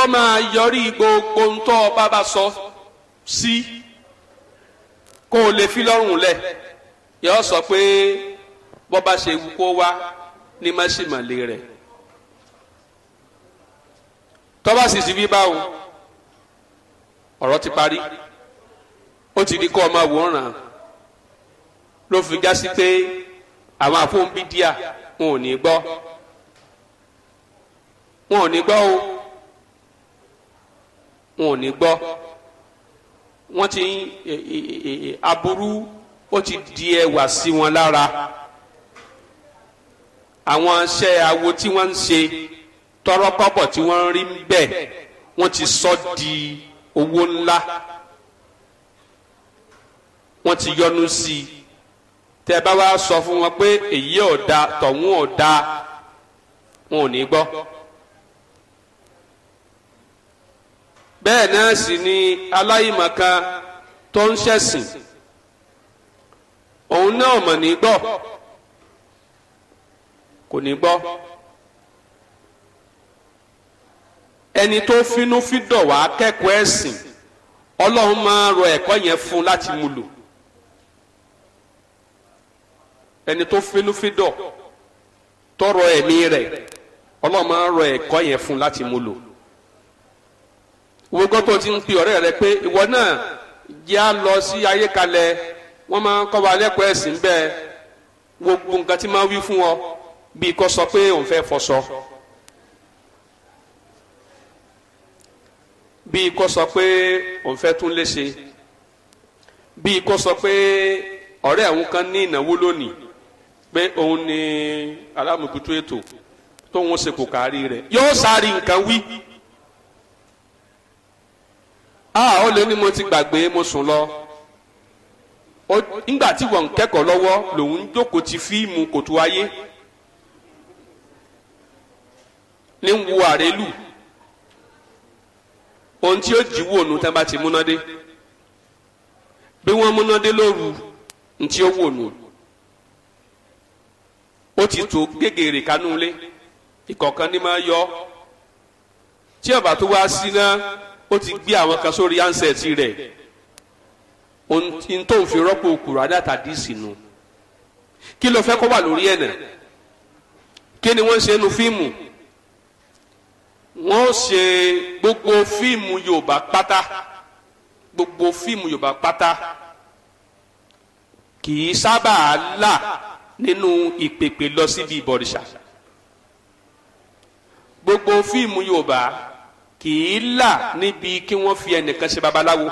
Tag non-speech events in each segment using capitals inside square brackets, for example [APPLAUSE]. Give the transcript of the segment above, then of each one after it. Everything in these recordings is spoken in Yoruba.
tó máa yọrí gbogbo ń tọ́ ọba bá sọ sí kó o lè fi lọ́rùn lẹ̀ yọ sọ pé bọ́ba ṣe wù kó wá ní mọ́símọ́lé rẹ̀ tọ́ba sì sí bí báwo ọ̀rọ̀ ti parí ó ti di kọ́ ọmọ àwòrán ló fi já sí pé àwọn àfọ̀nbídíà wọn ò ní gbọ́ wọn ò ní gbọ́ o wọn ò ní gbọ́ wọ́n ti ń e, e, e, aburú ó ti di ẹwà sí wọn lára àwọn iṣẹ́ awo tí wọ́n ń ṣe tọrọkọ́bọ̀ tí wọ́n ń rí bẹ́ẹ̀ wọ́n ti sọ di owó ńlá wọ́n ti yọnu sí i tẹ́ bá wá sọ fún wọn pé èyí ò tọ̀hún ò wọn ò ní gbọ́. bẹ́ẹ̀ náà sì ni aláìmọ̀kan tó ń ṣẹ̀sìn òun náà mọ̀ ní gbọ́ kò ní gbọ́ ẹni tó finúfíndọ̀ wá kẹ́kọ̀ọ́ ẹ̀sìn ọlọ́run máa rọ ẹ̀kọ́ yẹn fún láti mú lò ẹni tó dọ̀ tọrọ ẹ̀mí rẹ̀ ọlọ́run máa rọ ẹ̀kọ́ yẹn fún láti mú lò. wo gbọ́tọ̀ ti ń pe ọ̀rẹ́ rẹ pé ìwọ náà yá lọ sí ayé kalẹ̀ wọ́n máa ń kọ́ wa lẹ́kọ̀ọ́ ẹ̀sìn bẹ́ẹ̀ gbogbo nǹkan tí máa wí fún ọ bíi kọ́ sọ pé òun fẹ́ fọṣọ bíi kọ́ sọ pé òun fẹ́ tún léṣe bíi kọ́ sọ pé ọ̀rẹ́ òun kan ní ìnáwó lónìí pé òun ni alámùkútú ètò tóun ṣe kò kárí rẹ̀ yóò sáré nǹkan wí. Ah, ó lè ní mo ti gbàgbé mo sùn lọ nígbà tí wọ́n ń kẹ́kọ̀ọ́ lọ́wọ́ lòun ń jókòó ti fíìmù kòtò ayé ní ń wo àrélù ohun tí ó jí wò nù tán bá ti múná dé bí wọ́n múná dé lóru ní tí ó wò nù ó ti tó gègèrè kanú lé ìkọ̀ọ̀kan ní máa yọ tí ọ̀bà tó wá sí náà ó ti gbé àwọn kan sórí ansẹ̀tì rẹ̀ ohun tó ń fi rọ́pò kùránì àtàdí sínú kí ló fẹ́ kó wà lórí ẹ̀nà kí ni wọ́n ṣe nu fíìmù wọ́n ṣe gbogbo fíìmù Yorùbá pátá gbogbo fíìmù Yorùbá pátá kì í sábà là nínú ìpèpè lọ síbi ìbọ̀rìṣà gbogbo fíìmù Yorùbá kì í là níbi kí wọ́n fi ẹnìkan ṣe babaláwo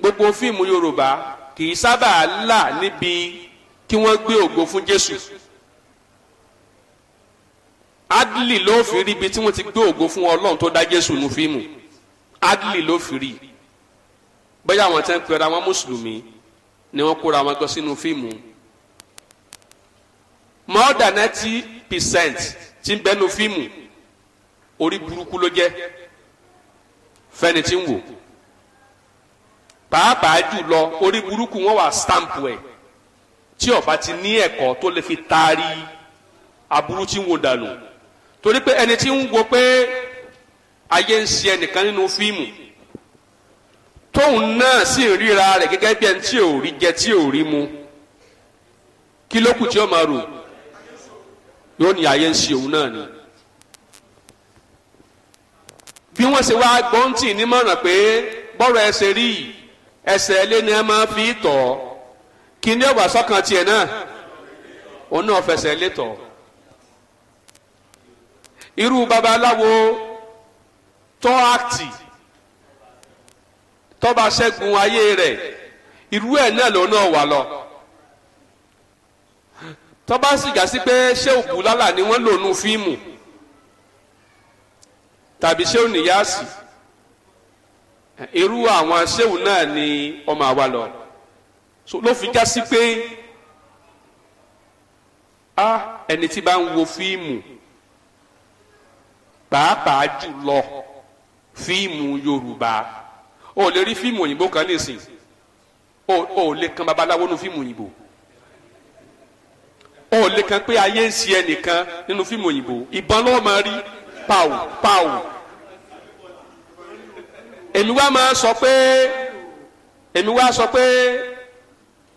gbogbo fíìmù Yorùbá kì í sábà là níbi kí wọ́n gbé ògo fún Jésù adli ló fi rí ibi tí wọ́n ti gbé ògo fún Ọlọ́run tó dá Jésù nu fíìmù adli ló fi rí bóyá àwọn tẹ́ ń pera wọn mùsùlùmí ni wọ́n kóra wọn gan sínú fíìmù more than ninety percent ti ń bẹnu fíìmù orí burúkú ló jẹ́ fẹ́ni tí ń wò pàápàá jùlọ orí burúkú wọn wà stamp ẹ̀ tí ọba ti ní ẹ̀kọ́ tó lè fi taari aburú tí ń wo dànù torí pé ẹni tí ń wo pé ayé ń ṣe ẹnìkan nínú fíìmù tóun náà sì ń ríra rẹ̀ gẹ́gẹ́ bí ẹni tí ò rí jẹ tí ò rí mu kí ló kù tí ó máa rò yóò ní ayé ń ṣe òun náà ni bí wọ́n ṣe wá gbọ́ǹtì nímọ̀ràn pé bọ́rọ̀ ẹsẹ̀ rí ẹsẹ̀ ilé ni ẹ máa fi tọ̀ kí ni ọ̀wà sọ́kàn tiẹ̀ náà òun náà fẹsẹ̀ ilé tọ̀ irú babaláwo tọ́ àkìtì tọ́ba ṣẹ́gun ayé rẹ̀ irú ẹ̀ náà lòun náà wà lọ tọ́ba sì gà sí pé ṣé òkú lálà ni wọ́n lò nù fíìmù tàbí sehu níyàsì irú àwọn sehu náà ni ọmọ àwa lọ so ló fi já sí pé a ẹni tí bá ń wo fíìmù pàápàá jùlọ fíìmù Yorùbá o lè rí fíìmù òyìnbó kan nísìn o ò lè kan babaláwo nu fíìmù òyìnbó o ò lè kan pé ayé ń ṣe ẹnìkan nínú fíìmù òyìnbó ìbọn lọ́wọ́ máa rí pàù pàù èmi wá máa sọ pé èmi wá sọ pé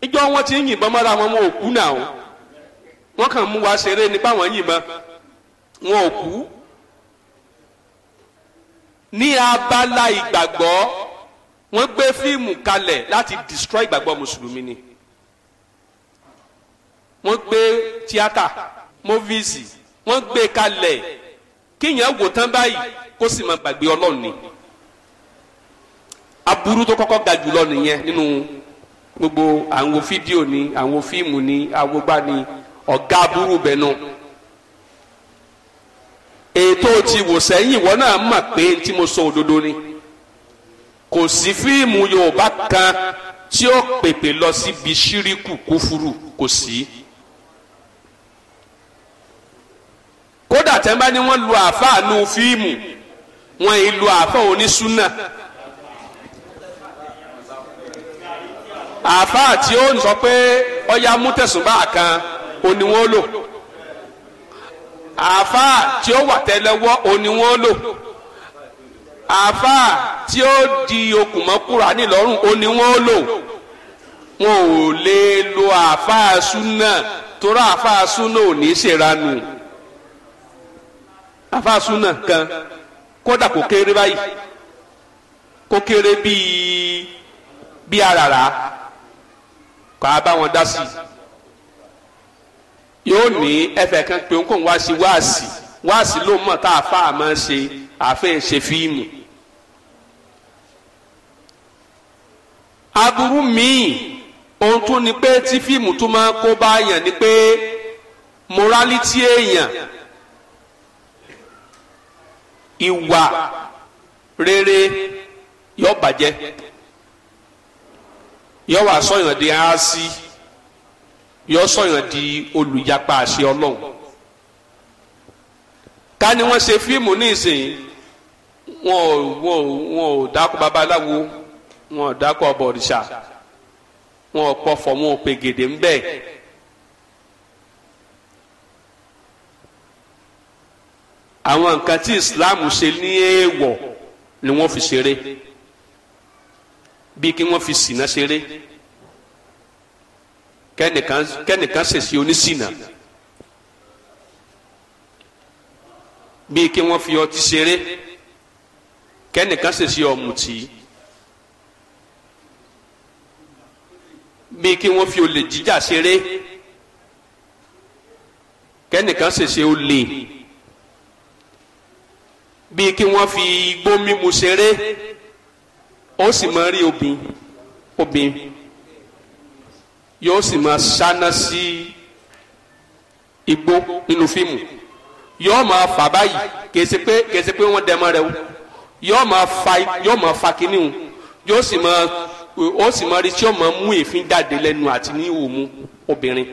ìjọ wọn ti ń yìnbọn mọ́ra wọn wọn ò kú náà wọn kàn mú wa ṣeré nípa wọn yìnbọn wọn ò kú ní abala ìgbàgbọ́ wọ́n gbé fíìmù kalẹ̀ láti destroy ìgbàgbọ́ mùsùlùmí ni wọ́n gbé tíátà mọ́fíìsì wọ́n gbé kalẹ̀ kéèyàn wò tán báyìí kó sì máa gbàgbé ọlọ́run ni aburú tó kọ́kọ́ ga jùlọ nìyẹn nínú gbogbo àwọn fídíò ni àwọn fíìmù ni àwògbà ni ọ̀gá aburú bẹ̀ nù ètò ti wò sẹ́yìn ìwọ náà mà pé tí mo sọ òdodo ni kò sí fíìmù yorùbá kan tí ó pèpè lọ síbi ṣíríkù kúfúrú kò sí. Si kódà tẹ́ńbà ni wọ́n lu àáfàá nu fíìmù wọ́n yìí lu àáfàá onísúnà àáfàá tí ó ń sọ pé ọya mútẹ̀sùnbà kan òní wọ́n lò àáfàá tí ó wà tẹ́lẹ̀wọ́ òní lò àáfàá tí ó di okùn mọ́ Kùránì lọ́rùn lò wọn ò lè lo àáfàá súnà tó rà àáfàá súnà ò ní ṣèrànù afásúnà kan kódà kò kéré báyìí kó kéré bíi bíi àràrà kó a bá wọn dá sí i yóò ní ẹfẹ kan pé òun kò ń wá sí wáàsì wáàsì ló mọ̀ tá a fa àmọ́ ṣe àfẹ́ ṣe fíìmù. aburú míì ohun tó ni pé tí fíìmù tó máa kó bá ni pé morality èèyàn ìwà rere yọ bàjẹ́ yọ wà sọyàn di aásí yọ sọyàn di olùyapa àṣẹ Ọlọ́run ká ní wọ́n ṣe fíìmù ní ìsìn wọn ò wọn ò wọn ò dákọ babaláwo wọn ò dákọ bọ̀rìṣà wọn ò pọfọ wọn ò pegede ńbẹ àwọn nǹkan tí islam ṣe ní èèwọ̀ ni wọ́n fi ṣeré bí kí wọ́n fi sìnà ṣeré kẹ́nìkan kẹ́nìkan ṣèṣì onísìnà bí kí wọ́n fi ọtí ṣeré kẹ́nìkan ṣèṣì ọ̀mùtí bí kí wọ́n fi olè jíjà ṣeré kẹ́nìkan ṣèṣì olè bíi kí wọ́n fi igbó mímu ṣeré ó sì máa rí obìn obìn yóò sì máa ṣáná sí igbó nínú fíìmù yóò máa fà báyìí kèsì pé kèsì pé wọ́n dẹmọ rẹ̀ yóò máa fa yóò máa fa kínní o yóò sì máa ó sì máa rí tí ó máa mú èéfín jáde lẹ́nu àti ní òmu obìnrin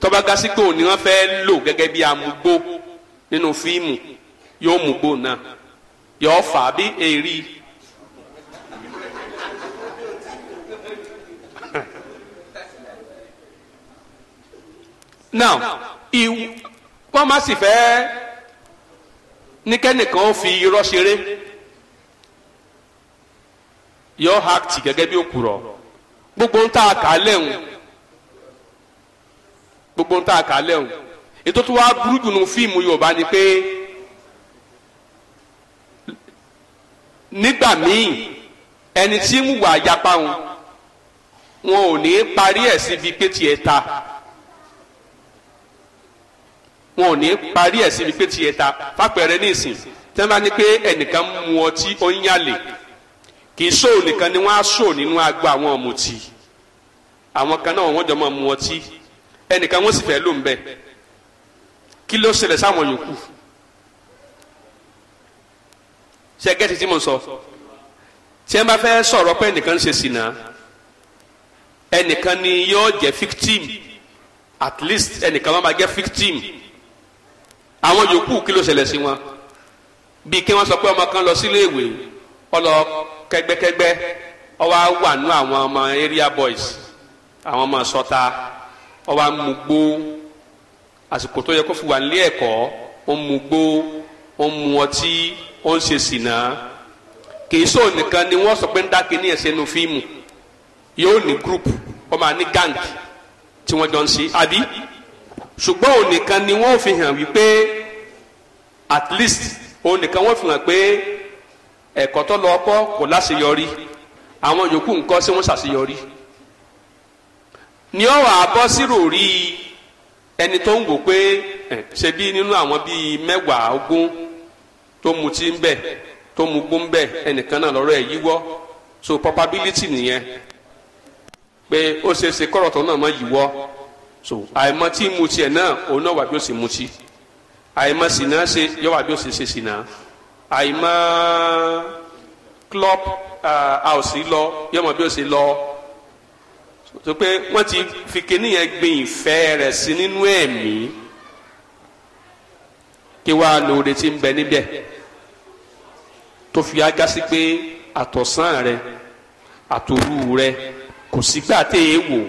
tọ́ba gásígbò ni wọ́n fẹ́ lò gẹ́gẹ́ bí amúgbó nínú fíìmù yóò mú gbó náà yóò fà á bí èrí now wọ́n má sì fẹ́ ní kẹ́nìkan ó fi irọ́ ṣeré yóò act gẹ́gẹ́ bí òkúrọ̀ gbogbo ń tà kálẹ̀ ń gbogbo ń tà kálẹ̀ ń ètò tó wá burú jù nù fíìmù yorùbá ni pé nígbà míì ẹni tí ń wà yapa wọn wọn ò ní parí ẹ̀ síbi pé tiẹ̀ ta wọn ò ní parí ẹ̀ síbi pé tiẹ̀ ta fàpẹẹrẹ ní tẹ́ bá ní pé ẹnìkan mu ọtí ó kì í sóò nìkan ni wọ́n á sóò nínú agbo àwọn ọ̀mùtí àwọn kan náà wọ́n jọ máa mu ọtí ẹnìkan wọ́n sì fẹ́ lò ń bẹ́ẹ̀ kí ló ṣẹlẹ̀ sáwọn yòókù ṣe gẹ́tì tí mo sọ tí ẹ bá fẹ́ sọ̀rọ̀ pé ẹnìkan ṣe ṣìnà ẹnìkan ni yóò jẹ́ victim at least ẹnìkan wọn máa jẹ́ victim àwọn yòókù kí ló ṣẹlẹ̀ sí wọn bíi kí wọ́n sọ pé ọmọ kan lọ sílé ìwé ọlọ kẹgbẹ́kẹgbẹ́ ọwọ́ wà àwọn ọmọ area boys àwọn ọmọ sọta ọwọ́ amúgbó àsìkò tó yẹ kó fi wà nílé ẹ̀kọ́ ó mu gbó ó mu ọtí ó ń ṣe sìnà kìí sọ nìkan ni wọ́n sọ pé ń dá kíní ẹ̀ sẹ́nu fíìmù yóò ní gúrùpù ó máa ní gáǹgì tí wọ́n jọ ń ṣe àbí ṣùgbọ́n òun ni wọ́n fi hàn wípé at least òun nìkan wọ́n fi hàn pé ẹ̀kọ́ tó lọ kọ́ kò láṣeyọrí àwọn yòókù ńkọ́ sí wọ́n ṣàṣeyọrí ni ọ̀rọ̀ àbọ̀ rí i ẹni tó ń wò pé eh, ṣe bí nínú àwọn bíi mẹ́wàá ogún tó mutí ń bẹ̀ tó mugbó ń bẹ̀ ẹnìkan náà lọ́rọ̀ ẹ̀ yíwọ́ so probability nìyẹn pé ó ṣe é ṣe kọ́rọ̀ tó náà mọ̀ yíwọ́ so àìmọ̀ tí mu tiẹ̀ náà òun náà wà bí ó sì mutí àìmọ̀ sìnà ṣe yọ wà bí ó sì ṣe sìnà àìmọ̀ club house ah, lọ yọ mọ̀ bí ó sì lọ tó pé wọ́n ti fi kíníyàn gbin ìfẹ́ rẹ̀ sí nínú ẹ̀mí kí wàá lóore tí ń bẹ níbẹ̀ tó fi ága sí pé àtọ̀sán rẹ̀ àtòrú rẹ̀ kò sígbà tẹ́ ẹ wò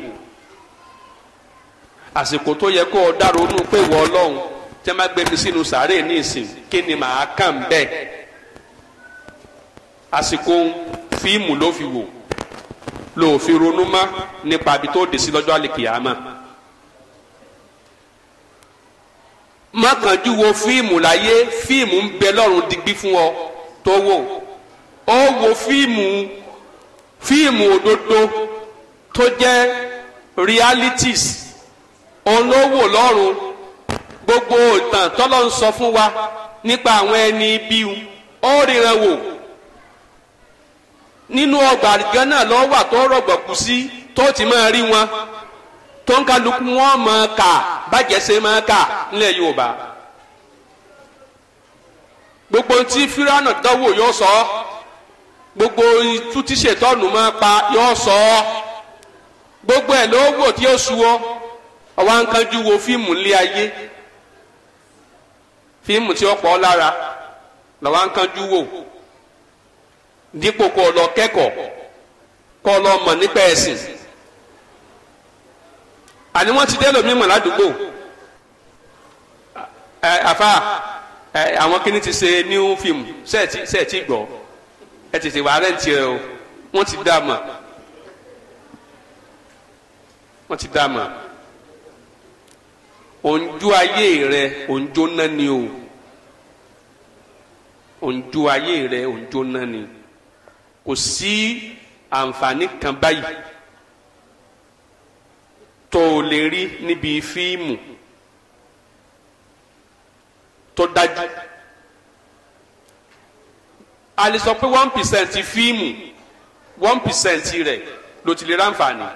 àsìkò tó yẹ kó o dáronú pé ìwọ ọlọ́run tẹ́ má gbé sínú sàárè ní kí ni màá kàn bẹ́ẹ̀ àsìkò fíìmù ló fi wò. l'òfin fi ronú mọ nípa àbí tó dé sí lọ́jọ́ àlìkìyàmà. má kánjú wo fíìmù láyé fíìmù ń bẹ lọ́rùn digbí fún ọ tó wò ó wo fíìmù fíìmù òdodo tó jẹ́ realities òun ló lọ́rùn gbogbo ìtàn tọ́lọ́ ń sọ fún wa nípa àwọn ẹni ibi ó ríran wò. nínú ọgbà gánà lọ́wọ́ lọ wà tó rọgbọ̀kú sí tó ti máa rí wọn tó ń kálukú wọn máa kà bàjẹ́ ṣe máa kà nílẹ̀ Yorùbá gbogbo tí fíránà dánwò yóò sọ gbogbo itú tí ṣètọ́nù máa pa yóò sọ gbogbo ẹ̀ ló tí ó sú ọ ọwọ́ àǹkanjú wo fíìmù ńlẹ̀ ayé fíìmù tí ó pọ̀ lára lọ́wọ́ àǹkanjú wo. dípò kó lọ kẹ́kọ̀ọ́ kó lọ mọ̀ nípa ẹ̀sìn àní wọ́n ti dé lómi mọ̀ ládùúgbò ẹ àfa ẹ àwọn kíní ti ṣe new film sẹ́ẹ̀tì sẹ́ẹ̀tì gbọ́ ẹ tètè wà rẹ́ǹtì ẹ o wọ́n ti dá mọ̀ wọ́n ti dá mọ̀ òǹjú ayé rẹ òǹjó náà ni o òǹjú ayé rẹ òǹjó náà ni o kò sí àǹfààní kan báyìí tó o lè rí níbi fíìmù tó dájú a lè sọ pé one percent fíìmù one percent rẹ̀ ló ti lè ráǹfààní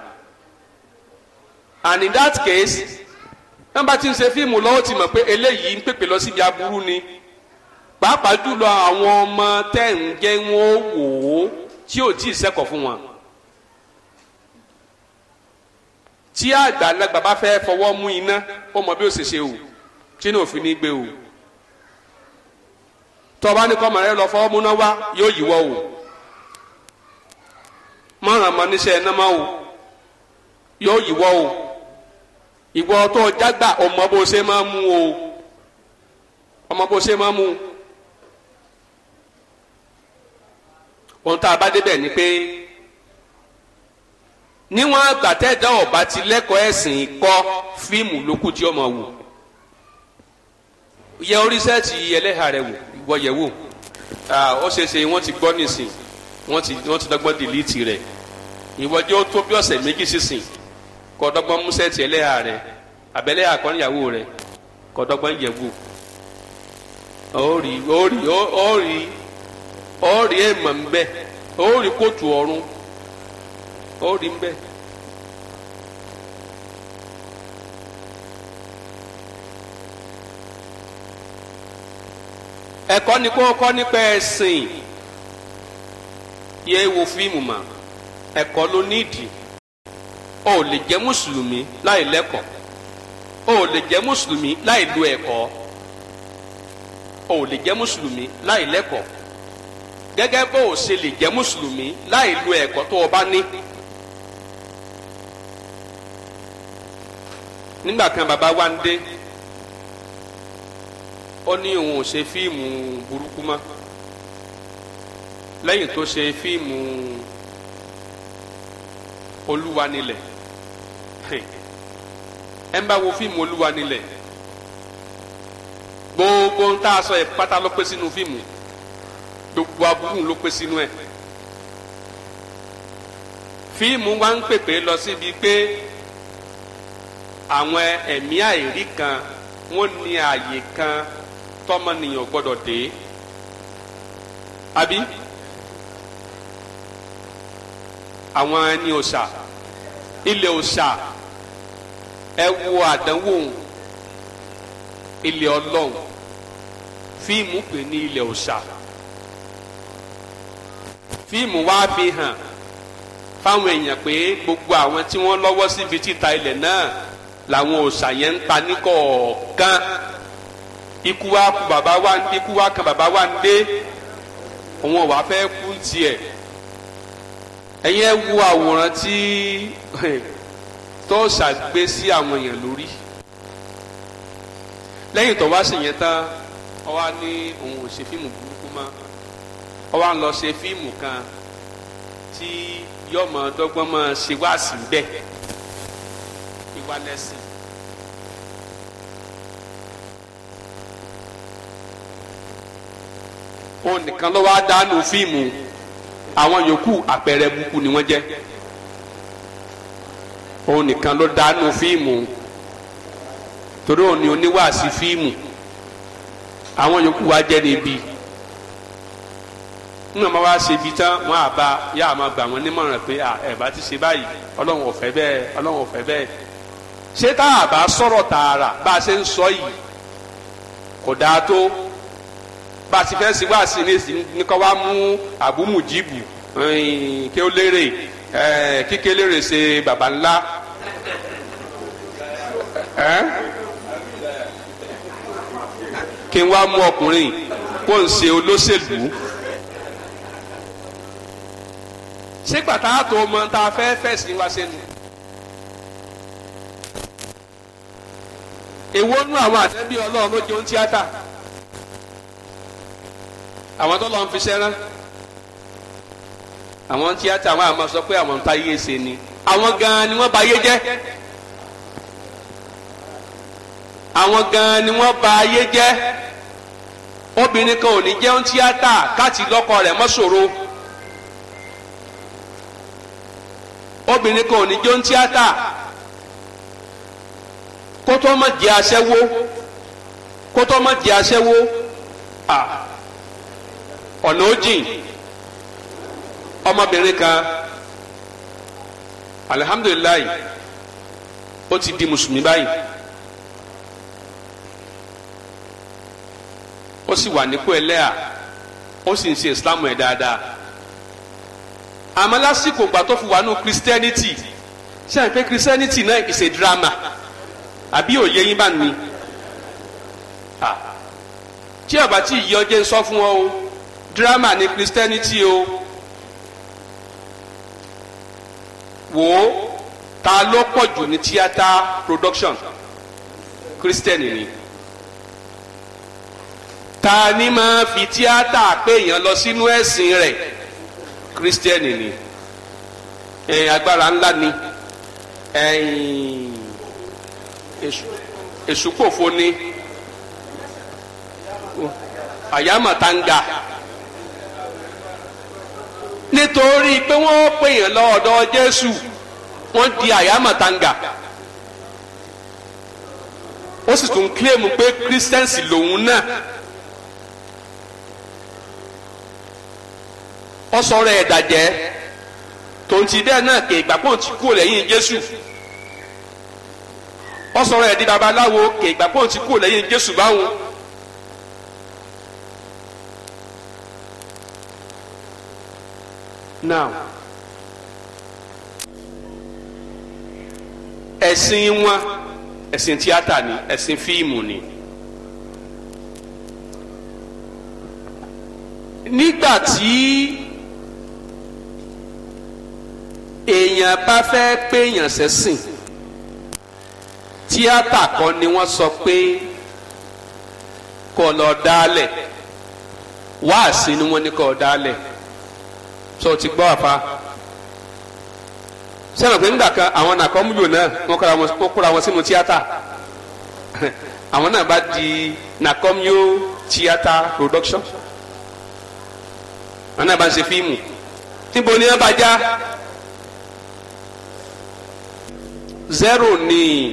and in that case nígbà tí n ṣe fíìmù lọ́wọ́ ti mọ̀ pé eléyìí ń pèpè lọ síbi aburú ni pàápàá jùlọ àwọn ọmọ tẹ́ ń jẹ́ wọn ó wò ó tí ò tí ì sẹ́kọ̀ọ́ fún wọn. tí àgbàlagbà bá fẹ́ fọwọ́ mú iná ó mọ bí ó sì ṣe o tí ní òfin ní gbé o tọ́ba ní kọ́mọ rẹ lọ fọwọ́ múná wá yóò yíwọ́ o mọ̀ràn mọ́ níṣẹ́ iná mọ́ o yóò yíwọ́ o ìwọ tó jágbà ọmọ bó ṣe máa mú o ọmọ bó ṣe máa mú o. ohun tá a bá débẹ̀ ni pé níwọ̀n àgbàtẹ́dá ọ̀bá ti lẹ́kọ̀ọ́ ẹ̀sìn kọ́ fíìmù lókù tí ọmọ wò yẹ oríṣẹ́ẹ̀tì ẹlẹ́hà rẹ wọ yẹ̀ wò ó ṣeéṣe wọ́n ti gbọ́ nísìn wọ́n ti wọ́n ti dọ́gbọ́n dìlítì rẹ̀ ìwọ́jọ́ tó bí ọ̀sẹ̀ méjì sísìn kọ́ dọ́gbọ́n múṣẹ́ẹ̀tì ẹlẹ́hà rẹ àbẹ̀lẹ́hà kọ́níyàwó rẹ kọ́ dọ́gbọ́n yẹ̀ wò ó rí ó rí ó rí ọrịa rí èèmọ̀ ń bẹ ó rí kóòtù ọ̀run ni nípa ẹ̀sìn yẹ wo fíìmù ló o le lè musulumi mùsùlùmí láì o le lè musulumi mùsùlùmí láì lo o le lè musulumi mùsùlùmí láì gẹ́gẹ́ bó o ṣe lè jẹ́ mùsùlùmí láì lo ẹ̀kọ́ tó o bá ní. nígbà kan bàbá wa ń dé ó ní òun ò ṣe fíìmù burúkú mọ́ lẹ́yìn tó ṣe fíìmù olúwanilẹ̀ ẹ ń bá wo fíìmù olúwanilẹ̀ gbogbo ń tá a sọ ẹ̀ pátá ló pé sínú fíìmù yìí gbogbo aburú ló pé sínú ẹ̀ fíìmù wa ń pèpè lọ síbi pé àwọn ẹ̀mí àìrí kan wọ́n ní ààyè kan tọ́mọnìyàn gbọ́dọ̀ dé àbí àwọn ẹni òòṣà ilẹ̀ òòṣà ẹ wo àdánwò ilẹ̀ ọlọ́run fíìmù pè ní ilẹ̀ òòṣà fíìmù wa fi hàn fáwọn èèyàn pé gbogbo àwọn tí wọ́n lọ́wọ́ síbi títa ilẹ̀ náà làwọn òòṣà yẹn ń ta ní kọ̀ọ̀kan ikú wa kú bàbá wa ń dé ikú wa kan bàbá wa ń dé òun ò wá fẹ́ kú tiẹ̀ ẹ̀yẹ́ wo àwòrán tí eh, tọ́ọ̀sà gbé sí àwọn èèyàn lórí lẹ́yìn tó wá sí yẹn tán ọ wá ní òun ò ṣe fíìmù burú ó wá ń lọ ṣe fíìmù kan tí yọmọ dọ́gbọ́n máa ṣe wáàsí bẹ́ẹ̀ ìwà lẹ́sìn. òun nìkan ló wáá dánú fíìmù àwọn yòókù àpẹẹrẹ burúkú ni wọ́n jẹ́ òun nìkan ló dánú fíìmù torí òun ni oníwàásí fíìmù àwọn yòókù wá jẹ́ níbi nígbà máa wá ṣe ibi tán wọn á bá yá máa gbà wọn nímọ̀ràn pé ẹ bá ti ṣe báyìí ọlọ́run ò fẹ́ bẹ́ẹ̀ ọlọ́run ò fẹ́ bẹ́ẹ̀ ṣé tá a bá sọ̀rọ̀ tààrà bá a ṣe ń sọ yìí kò dáa tó bá a ti fẹ́ sí wáàsí ní kọ́ wá mú àbúmùjìbù kí ó lérè kíkẹ́ lérè ṣe bàbá ńlá kí n wá mú ọkùnrin kó n ṣe olóṣèlú. ṣé gbàtà àtò ọmọ tá a fẹ́ fẹ̀sìn wa ṣe nù. èwo nú àwọn àtẹ́bí ọlọ́run ló jẹun tíátà àwọn tó lọ́n fi ṣẹ́rán àwọn tíátà àwọn àmọ́ sọ pé àwọn ń ta yé ṣe ni àwọn gan-an ni wọ́n ba ayé jẹ́ àwọn gan-an ni wọ́n ba ayé jẹ́ obìnrin kan ò ní jẹun tíátà káàtì lọ́kọ rẹ̀ mọ́ ṣòro. obìnrin kan ò ní jó ń tíátà kótó ọmọ di aṣẹ́wó kótó má di aṣẹ́wó à ọmọbìnrin kan ó ti di mùsùlùmí báyìí ó sì wà nípò ẹlẹ́à ó sì ń ṣe ẹ̀ dáadáa. àmọ́ lásìkò ìgbà tó fi wà nù christianity ṣé àìpé christianity náà is a drama àbí òye yín bá ní tí àbá tí ìyẹ́ ọjẹ́ sọ fún ọ o drama ni christianity o wò ó ta ló pọ̀ jù ní theatre production christian ni ta ni máa fi tíátà pé èèyàn lọ sínú ẹ̀sìn rẹ̀ kírísítẹ́nì ni ẹ̀yìn agbára ńlá ni ẹ̀yìn èsùpòfo ni àyàmọ̀tánga nítorí pé wọ́n pè yàn lọ́dọ̀ Jésù wọ́n di àyàmọ̀tánga ó sì tún kílèmù pé kírísítẹ́nsì lòun náà. ọsọrọ ẹ dàjẹ́ tòǹtì bẹ́ẹ̀ náà kè ìgbàpọ̀ ti kú lẹ́yìn Jésù ọsọrọ ẹ babaláwo kè ìgbàpọ̀ ti kú lẹ́yìn Jésù báwọn. now ẹ̀sìn wọn ẹ̀sìn tíátà ni ẹ̀sìn fíìmù ni. nígbà tí èèyàn bá fẹ́ péyàn sẹ́sìn tíátà kan ni wọ́n sọ pé kó lọ dálẹ̀ wáàsí ni wọ́n ní kó dálẹ̀ tó o ti gbọ́ àfa sẹ́nà pé nígbà kan àwọn nàkọ́múlò náà wọ́n kóra wọn sínú tíátà [LAUGHS] àwọn náà bá di nàkọ́múlò tíátà production àwọn náà bá ń ṣe fíìmù níbo ni wọ́n bá já zero ni